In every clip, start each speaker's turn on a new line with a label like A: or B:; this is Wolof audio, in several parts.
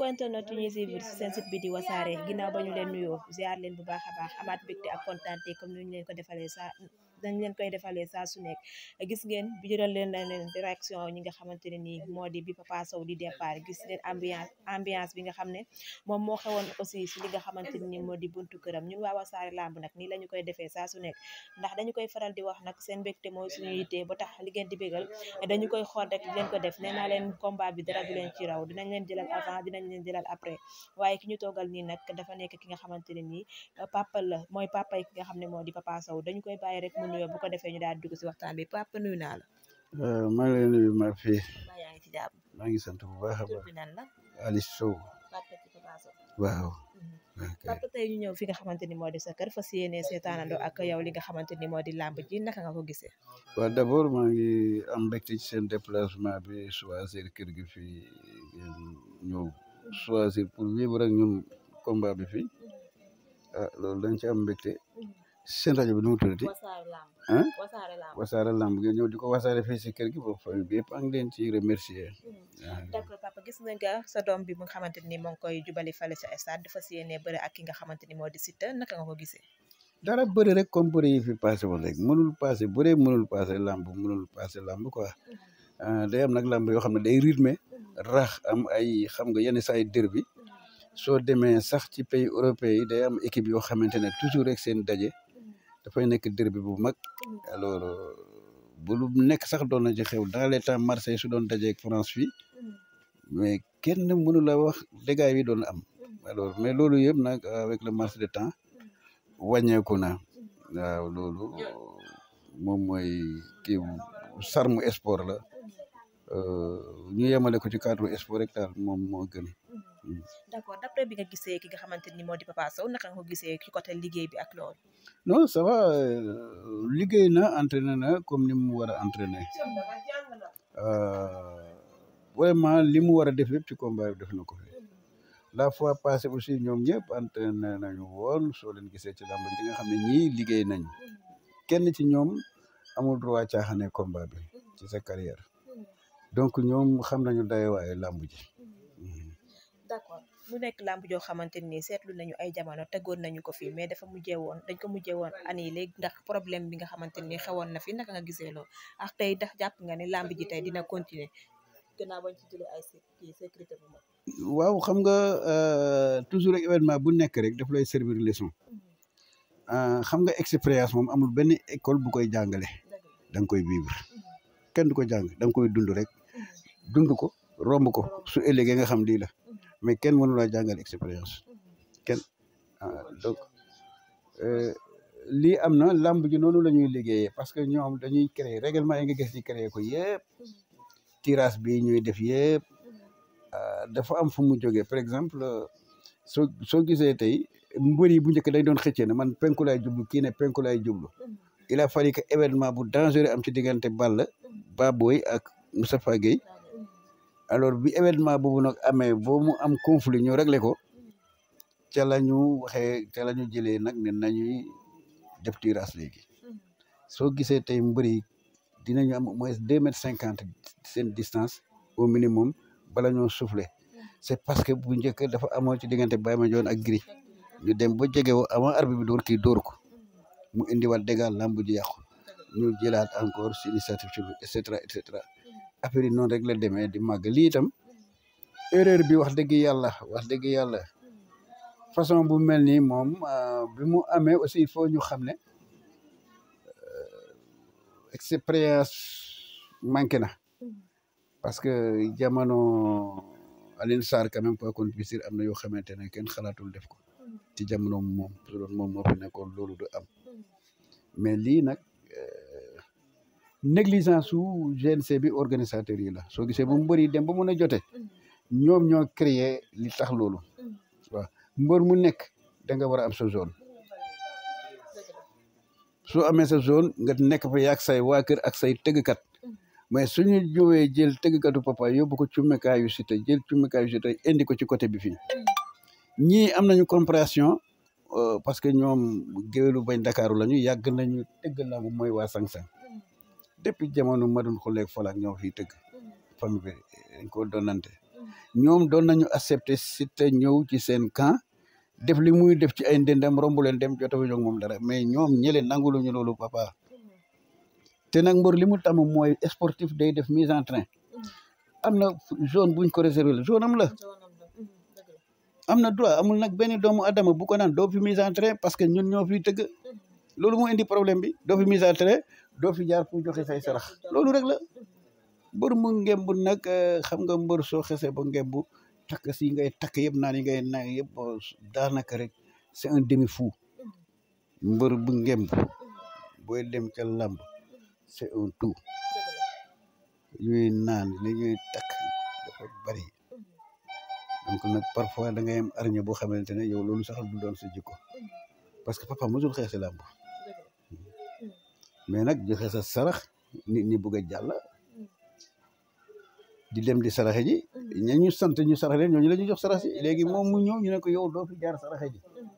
A: kontaanoo tu ñuy suivre seen site bi di wasaare ginnaaw ba ñu leen nuyoo ziar leen bu baax a baax amaat mbégte a kontaante comme ni ñu leen ko defalee saa dañ leen koy defalee saa su nekk gis ngeen bi jural leen na leen direction ñi nga xamante ne nii moo di bi Papa Sow di départ gis leen ambiance ambiance bi nga xam ne moom moo xewoon aussi si li nga xamante ne nii moo di buntu këram ñun waa Wassare Lamb nag nii la ñu koy defee saa su nekk ndax dañu koy faral di wax nag seen mbégte mooy suñu yittee ba tax li ngeen di bégal dañu koy xool rek di leen ko def nee leen combat bi dara du leen ci raw dinañ leen jëlal avant dinañ leen jëlal après waaye ki ñu toogal nii nag dafa nekk ki nga xamante ne nii papa la mooy papa ki nga xam ne moo di Papa Sow dañu koy nuyoo bu ko defee ñu daal dugg si waxtaan bi papa nuyu naa la.
B: Euh, maa ngi lay nuyu ma fii. maa ngi si jàmm. maa ngi sant bu baax a baax tur bi nan la. Ali Sow. waaw.
A: Mhm. papa tey ñu ñëw fi nga xamante ni moo di sa kër fas yéene seetaanandoo ak yow ni moo di làmb ji naka nga ko gisee.
B: waaw d' abord maa seen déplacement bi choisir kër gi fii ñëw choisir pour vivre ak ñun combat bi mhm. ah loolu dañ ci seen rajo bi nu mu tuddati
C: ah wasaare
B: lamb ngeen ñëw di ko wasaare fii si kër gi boobu fa bi yëpp a ngi leen ci remercier
A: mm-hmm. d'accord gis nga sa doom bi mu nga xamante ni moo ngi koy jubali fale sa stade dafa si yéene bëri ak ki nga xamante ni moo di Siteu naka o ko gisee
B: dara bëri rek comme bëri fi passé woon rek mënul passé bëri mënul passé lamb mënul passé lamb quoi mm-hmm. ah, day am nag lamb yoo xam ne day rythmé mm-hmm. rax am ay xam nga yenn saa yi dër bi soo demee sax ci pays européen yi day am équipe yoo xamante ne toujours rek seen daje dafay nekk derby bu mag alors euh, bu lu nekk sax doon na ci xew dans les temps Marseille su doon dajeeg France fii mais kenn mënu la wax dégâts yi doon am alors mais loolu yëpp nag avec le marché de temps wàññeeku na waaw loolu moom mooy kii sarmu sport la euh, ñu yemale ko ci cadre sport rek daal moom moo gën. Mm.
A: d' accord d' après bi nga gisee ki nga xamante ni moo di Papa Sow naka nga ko gisee ci côté liggéey bi ak loolu.
B: non ça va euh, liggéey na entraîné na comme ni mu war a entraîné
C: euh,
B: vraiment li mu war a def lépp ci combat bi def na ko fi la fois passée aussi ñoom ñëpp na ñu woon soo leen gisee ci làmb ji nga xam ne ñii liggéey nañ kenn ci ñoom amul droit caaxaane combat bi ci sa carrière mm. donc ñoom xam nañu dayuwaayu làmb ji.
A: mu nekk làmb joo xamante ni seetlu nañu ay jamono tegoon nañu ko fii mais dafa mujjee woon dañ ko mujjee woon année léegi ndax problème bi nga xamante ni xewoon na fi naka nga gisee loolu ak tey ndax jàpp nga ne làmb ji tey dina continuer ci jëlee ay
B: xam nga euh, toujours rek événement bu nekk rek def lay servir leçon mm-hmm. euh, xam nga expérience moom amul benn école bu koy jàngale da nga koy vivre mm-hmm. kenn du ko jàng da nga koy dund rek mm-hmm. dund ko romb ko su ëllëgee nga xam lii la mais kenn mënu laa jàngal expérience kenn ah, donc euh, lii am na làmb ji noonu la ñuy liggéeyee parce que ñoom dañuy créer règlement yi nga gis ñu créer ko yëpp tirage bi ñuy def yëpp ah, dafa am fu mu jógee par exemple soo soo gisee tey mbër yi bu njëkk dañ doon xëccee ne man penku laay jublu kii ne penku laay jublu il a fallu que événement bu dangereux am ci diggante ball Baboy ak Moustapha Gueye alors bi événement boobu nag amee boo mu am conflit ñu réglé ko ca la ñu waxee ca la ñu jëlee nag ne nañuy def tirage léegi soo gisee tey mbër yi dinañu am au moins deux mètres cinquante seen distance au minimum bala ñoo soufflé c'est parce que bu njëkk dafa amoon ci diggante Baye joon ak Gris ñu dem ba jegewoo avant arbitre bi dor kii dóor ko mu indiwaat dégâts làmb ji yàqu ñu jëlaat encore si initiative et cetera et cetera affaire yi noonu rek la demee di màgg lii tam erreur bi wax dëgg yàlla wax dëgg yàlla façon bu mel ni moom euh, bi mu amee aussi il faut ñu xam ne euh, expérience manqué na parce que jamono Alioune Sarr quand même pour am na yoo xamante ne kenn xalaatul def ko ci jamono moom su doon moom moo fi nekkoon loolu du am mais lii nag. Euh, négligence su GNC bi organisateur yi la soo gisee ba mbër dem ba mën a jote ñoom ñoo créer li tax loolu waaw mbër mu nekk danga war a am sa zone soo amee sa zone nga nekk fa yaag say waa kër ak say tëggkat mais suñu jóowee jël tëggkatu papa yóbbu ko cummekaayu si te jël cummekaayu si te indi ko ci côté bi fii ñii am nañu compréhension euh, parce que ñoom géwélu bañ Ndakaaru lañu yàgg nañu tëgg làmb mooy waa Sangsang depuis jamono madun xuleeg fal ak ñoo fiy tëgg mm-hmm. famille bi dañ ko donante mm-hmm. ñoom doon nañu accepter Siteu ñëw ci seen camp def li muy def ci ay ndëndam romb leen dem jotawuñu moom dara mais ñoom ñële nanguluñu loolu papa mm-hmm. te nag mbër li mu tàmm mooy sportif day def mise en train am na zone buñ ko réserver zone am la am na droit amul nag benn doomu adama bu ko naan doo fi mise en train parce que ñun ñoo fiy tëgg loolu moo indi problème bi doo fi mise en train doo fi jaar pour joxe say sarax loolu rek la mbër mu ngemb nag euh, xam nga mbër soo xese ba ngemb takk si ngay takk yëpp naan yi ngay naan yëpp daanaka rek c'est un demi fou mbër bu ngemb booy dem ca làmb c'est un tout ñuy naan li ñuy takk dafa bari donc nag parfois da yem am arñe boo xamante ne yow loolu sax du doon sa jikko parce que papa mosul xeesi làmb mais nag joxe sa sarax nit ñi bëgg a jàll di lem di saraxe ji mm-hmm. ña ñu sant ñu saraxe leen ñooñu la ñu jox sarax si mm-hmm. léegi moom mu ñëw ñu ne ko yow doo fi jaar saraxe ji mm-hmm.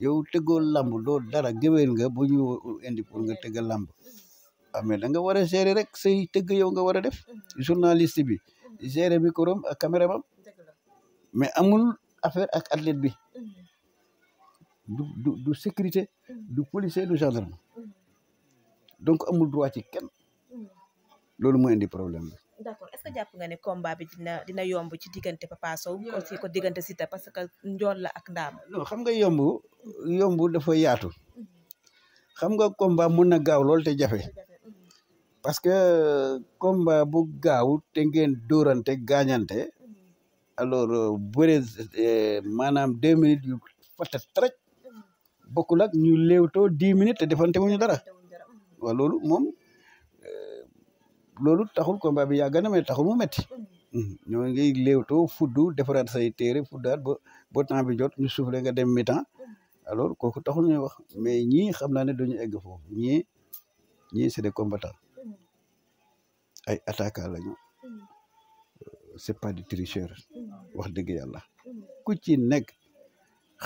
B: yow tëggoo làmb doo dara géwél nga bu ñu indi pour nga tëgg làmb ah mais da nga war a gérer rek say tëgg yow nga war a def journaliste bi gérer micro ak caméra bam mais amul affaire ak athlète bi du du du sécurité du policier du gendarme. donc amul droit ci kenn loolu mooy indi problème bi.
A: d' accord jàpp nga ne combat bi dina dina yomb ci diggante Papa Sow. aussi ko diggante Siteu parce que njool la ak ndaam. non
B: xam nga yomb yomb dafa yaatu. Mm-hmm. xam nga combat mun na gaaw lool te jafe. parce que komba bu gaaw te ngeen dóorante gaañante. Mm-hmm. alors euh, bëre euh, maanaam deux minutes yu fatat traj mm-hmm. bokkul ak ñu léewtoo dix minutes te defante wuñu dara. waaw loolu moom euh, loolu taxul combat bi yàgg na mais taxul mu metti mm-hmm. Mm-hmm. ñoo ngi léewtoo fuddu defaraat say téere fuddaat ba ba temps bi jot ñu soufflé nga dem mi-temps mm-hmm. alors kooku taxul ñuy wax mais ñii xam naa ne doñu egg foofu ñii ñii c'est des combattants ay attaquants lañu
C: euh,
B: c'est pas des tricheurs wax dëgg yàlla ku ci nekk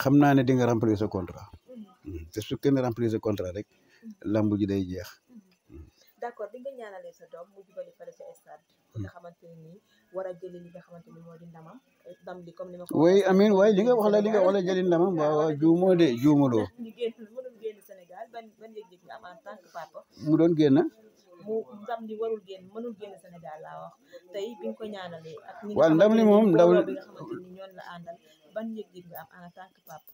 B: xam naa ne di nga remplir sa contrat te su kenn remplir sa contrat rek lamb ji day jeex.
A: Mhm. d'accord bi nga sa doom mu jubali fële sa stade bi nga hmm. a jëli li nga ni moo di ndamam ndam li ni ma ko.
B: li nga wax la li nga wax la jëli ndamam de juumaloo.
A: ñu mënul génn Sénégal ban ban yëg nga am en tant que papa. mu doon génn. mu ndam li warul génn mënul génn Sénégal laa wax tey bi ko ñaanalee. ak ñi nga moom bi
C: ban yëg-yëg nga am en tant que papa.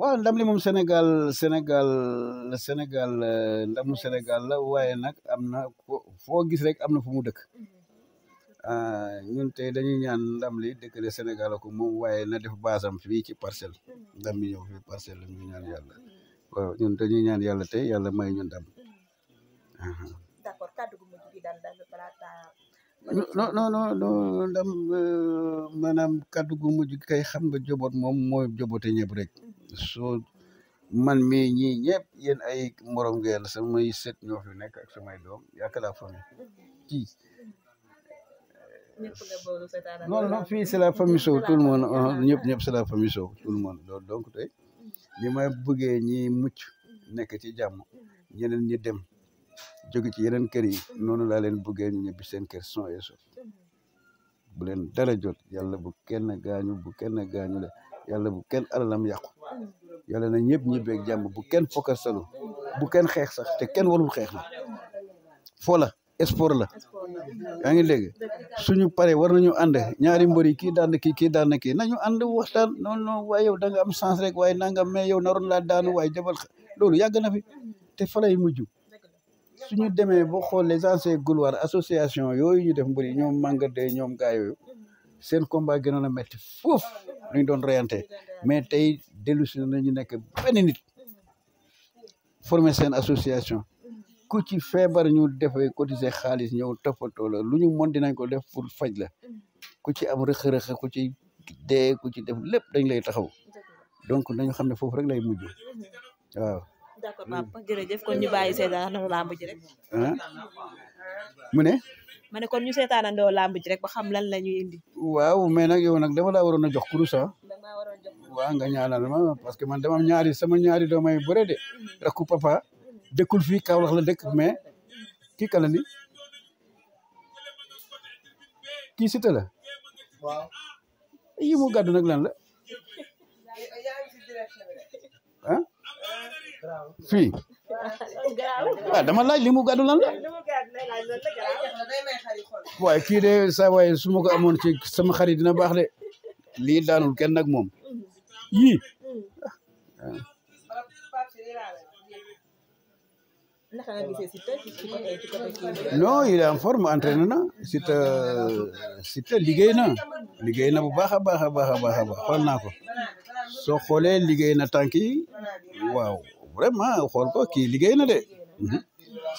B: waaw ndam li moom Sénégal Sénégal Sénégal euh, ndamu Sénégal la waaye nag am na foo gis rek am na fu mu dëkk mm-hmm. ah, ñun tey dañuy ñaan ndam li dëkk de Sénégal ko moom waaye na def baasam fii ci parcelle mm-hmm. ndam bi ñëw fii parcelle la ñu ñaan yàlla mm-hmm. waaw ñun dañuy ñaan yàlla tey yàlla may ñu ndam.
A: Uh-huh. d'accord kàddu gu mujj gi daal daal balaa
B: non non non ndam euh, maanaam kàddu gu mujj kay xam nga jobot moom mooy jobote ñëpp rek. soo man mii ñii ñëpp yéen ay morom ngeen samay sët ñoo fi nekk ak samay doom yàkk la famille kii
A: non non fii la famille Sow tout le monde uh-huh, ñëpp ñëpp
B: c'est la famille Sow tout le monde loolu donc tey li may bëggee ñi mucc nekk ci jàmm ñeneen ñi dem jóge ci yeneen kër yi noonu laa leen bëggee ñu ñëbbi seen kër son et so leen dara jot yàlla bu kenn gaañu bu kenn gaañu la yàlla bu kenn alalam yàqu yàlla na ñëpp ñibbeeg jàmm bu kenn fokkastalu bu kenn xeex sax te kenn warul xeex na foo la sport la yaa ngi dégg suñu paree war nañu ànd ñaari mbër yi kii daan na kii kii daan na kii nañu ànd waxtaan non non waaye yow danga am sens rek waaye nangam mais na naroon laa daanu waaye jabal loolu yàgg na fi te fa lay mujj suñu demee boo xool les anciens association yooyu ñu def mbër yi ñoom mànga de ñoom gaa yooyu seen combat gënoon a métti foofu ñu doon reyante mais tey dellu si nañu nekk benn nit former seen association ku ci feebar ñu defee cotiser xaalis ñëw toppatoo la lu ñu mën dinañ ko def pour faj la ku ci am rëq-rëq ku ci dee ku ci def lépp dañ lay taxaw donc nañu xam ne foofu rek lay mujj waaw. mu ne.
A: ma ne kon ñu seetaanandoo làmb ji rek ba xam lan la ñuy indi.
B: waaw mais nag yow nag dama laa waroon a jox kurus ah. waaw nga ñaanal ma parce que man dama ñaari sama ñaari doomay bëre de. rakku papa dëkkul fii Kaolack la dëkk mais kii kala ni kii Siteu la. gàddu nag lan la. ah fii.
A: waaw
C: ah, dama laaj
B: li mu lan la. waaye kii de saa waaye su ma ko amoon ci sama xarit dina baax de lii daanul kenn nag moom yii
A: non il est
B: na Siteu Siteu liggéey na liggéey na bu baax a baax a baax a baax a baax naa ko soo xoolee liggéey na tànk yi waaw vraiment xool ko kii liggéey na de mhm.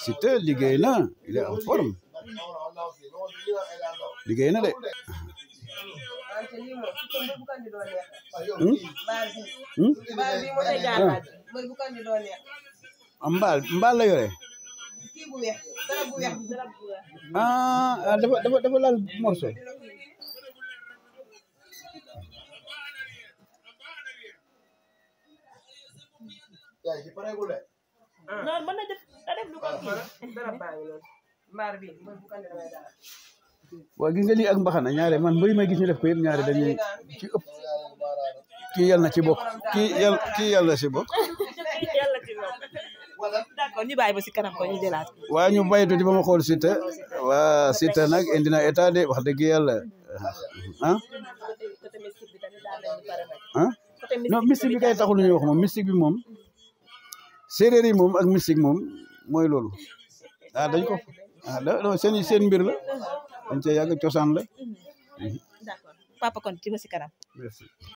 B: Siteu liggéey na il est liggéey na de. mbaal hmm? mbaal hmm? la yore.
A: ah
B: dafa dafa dafa laal morso.
A: da def lu ko kii dara
B: gis nga lii ak mbaxana ñaare man mbëri may gis ñu def ko ñaare dañuy ci ëpp kii yàlla na ci bokk kii yàlla na ci bokk
A: d'accord ñu bàyyi ba si kanam
B: ma xool Siteu waa Siteu nag indi na état de wax dëgg yàlla ah ah non mystique bi kay taxul ñuy wax moom mystique bi moom séeréer yi moom ak mystique moom mooy loolu ah, dañ ko ah non seen mbir la dañ cee yàgg cosaan la.
A: d'accord papa kon ci ba si kanam.